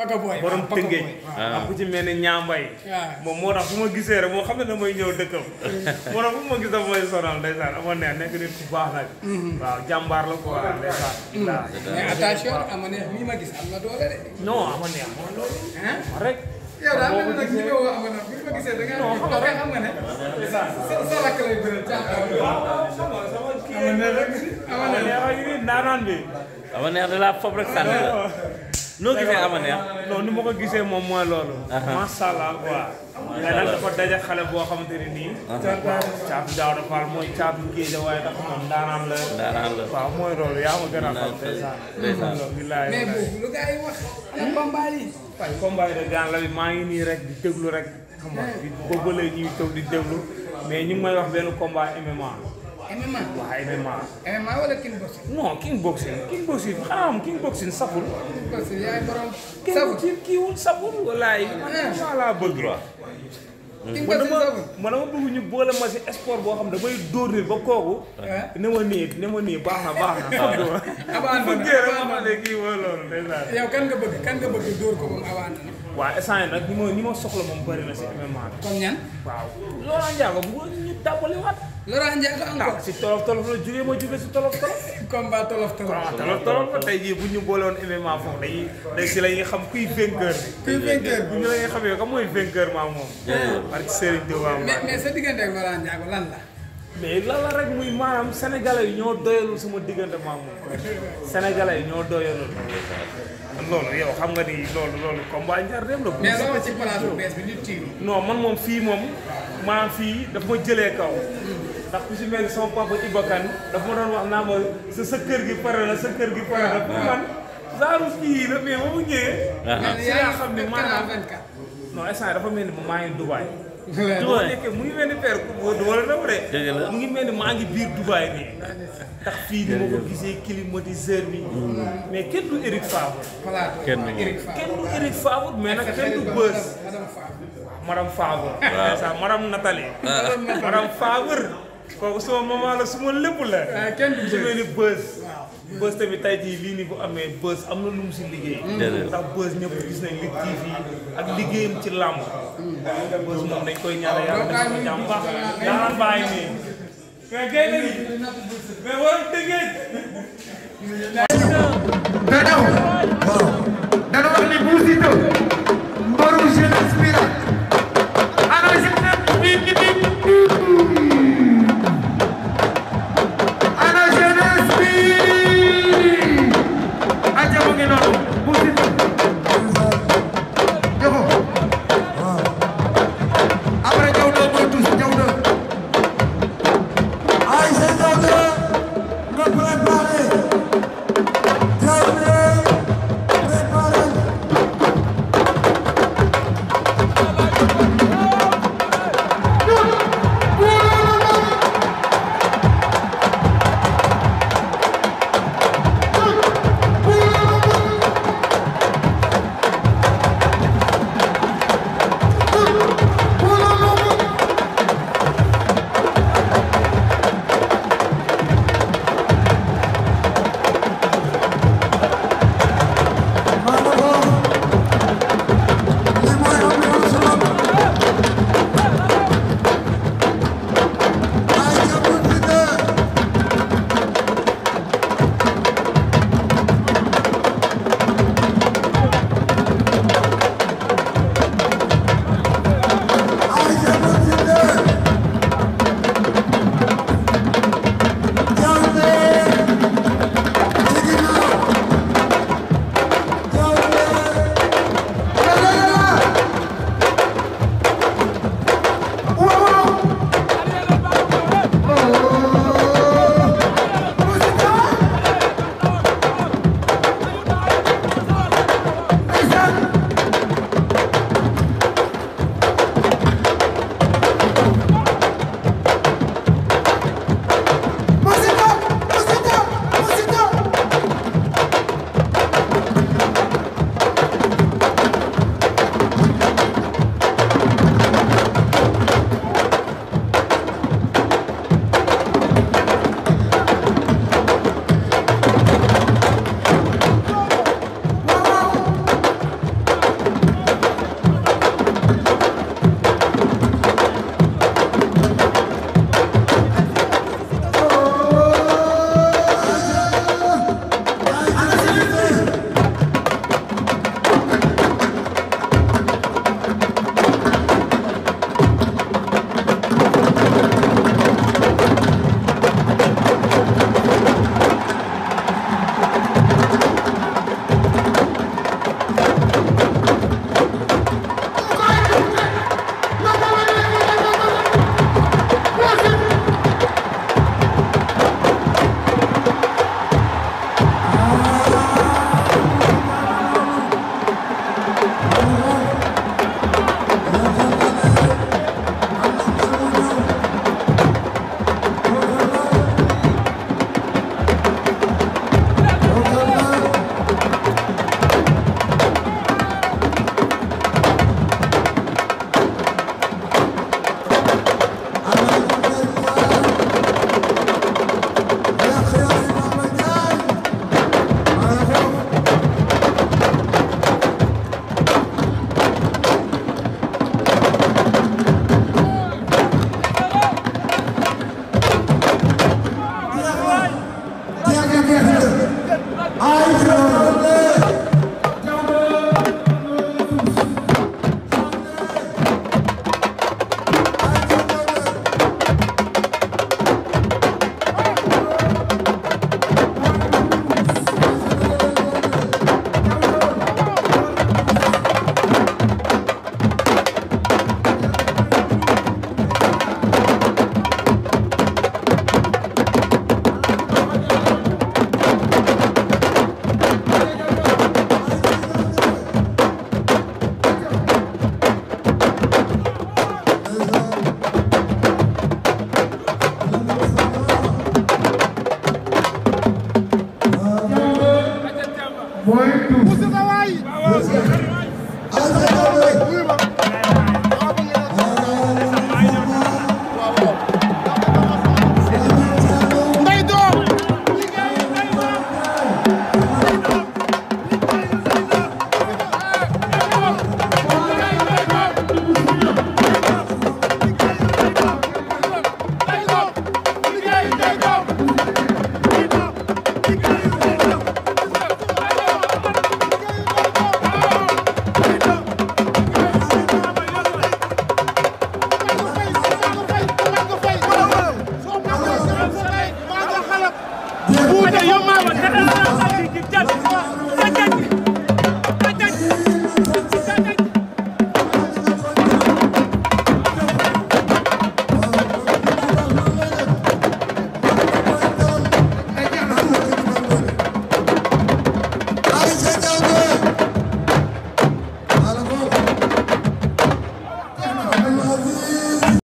pato boy borom teungeej ak ku ci melni ñambay mom motax buma gisee rek mo xamne da moy ñew dekkam mo tax buma gis moy sonal ndaysan nek nit ku baax nak mm-hmm. waaw jambar la ko ndaysan mm-hmm. mais attention amone mi ma gis amna doole de non amone amon doole hein rek yow daal mel nag ñu ñëw xam nga bu ma gisee da nga xam nga xam nga ne sa amane amane yaa ngi naan amane da la noo gisee Amanekh non ni ma ko gisee moom mooy loolu. Uh-huh. macha allah quoi. macha allah dafa xale boo xamante ne nii. Uh-huh. caatu mooy caatu géej dafa moom daanaan la. daanaan la waaw mooy loolu yaa ma gën a xam. ndeysaan mais bu lu gars yi wax. ak combat yi. waaye maa ngi nii rek di déglu rek. xam nga di ñuy taw di déglu mais ñu may wax benn combat MMA. MMA. waaw MMA. MMA wala king boxing. non king boxing king boxing xanaa king boxing saful. king boxing yaay borom. saful kii kii wul saful. walaay ah. man laa bëgg droit. king boxing saful man dama bëgg ñu boole ma si sport boo xam ne damay dóor nit ba kooku. Ah. ne ma nii ne ma nii baax na baax na. abandon abandon ma ne kii wala loolu yow kan nga bëgg kan nga bëgg dóor ko moom abandon waaw instant yii nag ni ma ni ma soxla moom bëri na si MMA bi. comme ñan. waaw Laurent Ndiago bu ñu tàmbali waat. Laurent Ndiago encore ah, si tolof tolof la jugee ma jugee si tolof tolof. combat tolof tolof. combat tolof tolof tey jii bu ñu boole woon MMA foofu dañuy day si la ñuy xam kuy vainqueur bi. kuy vainqueur bi bu ñu la ñuy xamee comme mooy vainqueur maa moom. parce ah. que Serigne Diouf maa moom. mais mais sa diggante ak Laurent Ndiago lan la. mais lan la rek muy maanaam sénégalais yi ñoo doyalul sama diggante maa moom. sénégalais yi ñoo doyalul. loolu yow xam nga ni loolu loolu comme waa Ndiar dem la. mais loolu ci bi nit tiim. non man moom fii moom. maanaam fii daf ma jëlee kaw. ndax ku si mel ni sama papa Ibakan daf ma doon wax naa ma sa sa kër gi pare na sa kër gi pare na. Ah, pour man zaaru fii la mais ba mu ñëwee. Ah, ah. si yaa xam ne maanaam non instant dafa mel ni maa ngi Dubaay. waaw mu ngi mel ni père wala na de. dëgg mu ngi mel ni maa ngi biir Dubaay bi. ndax fii ni ma ko gisee climatiseur bi. mais kenn du Eric Favre. kenn du Eric Favre kenn du Eric Favre mais nag kenn du bës. madame Favre. waaw madame Nathalie. madame Favre. kooku soo maman la su lépp la. waaw ah, kenn du ni bës. bës tamit tay jii lii nii bu amee bës am na lu mu si liggéey. bu mm. ndax bës ñëpp gis nañ li TV ak liggéeyam ci làmb. Mm. bës moom dañ koy ñaar yàlla def ko nii. mais génn gi mais waroon tëggee. danaw waaw dana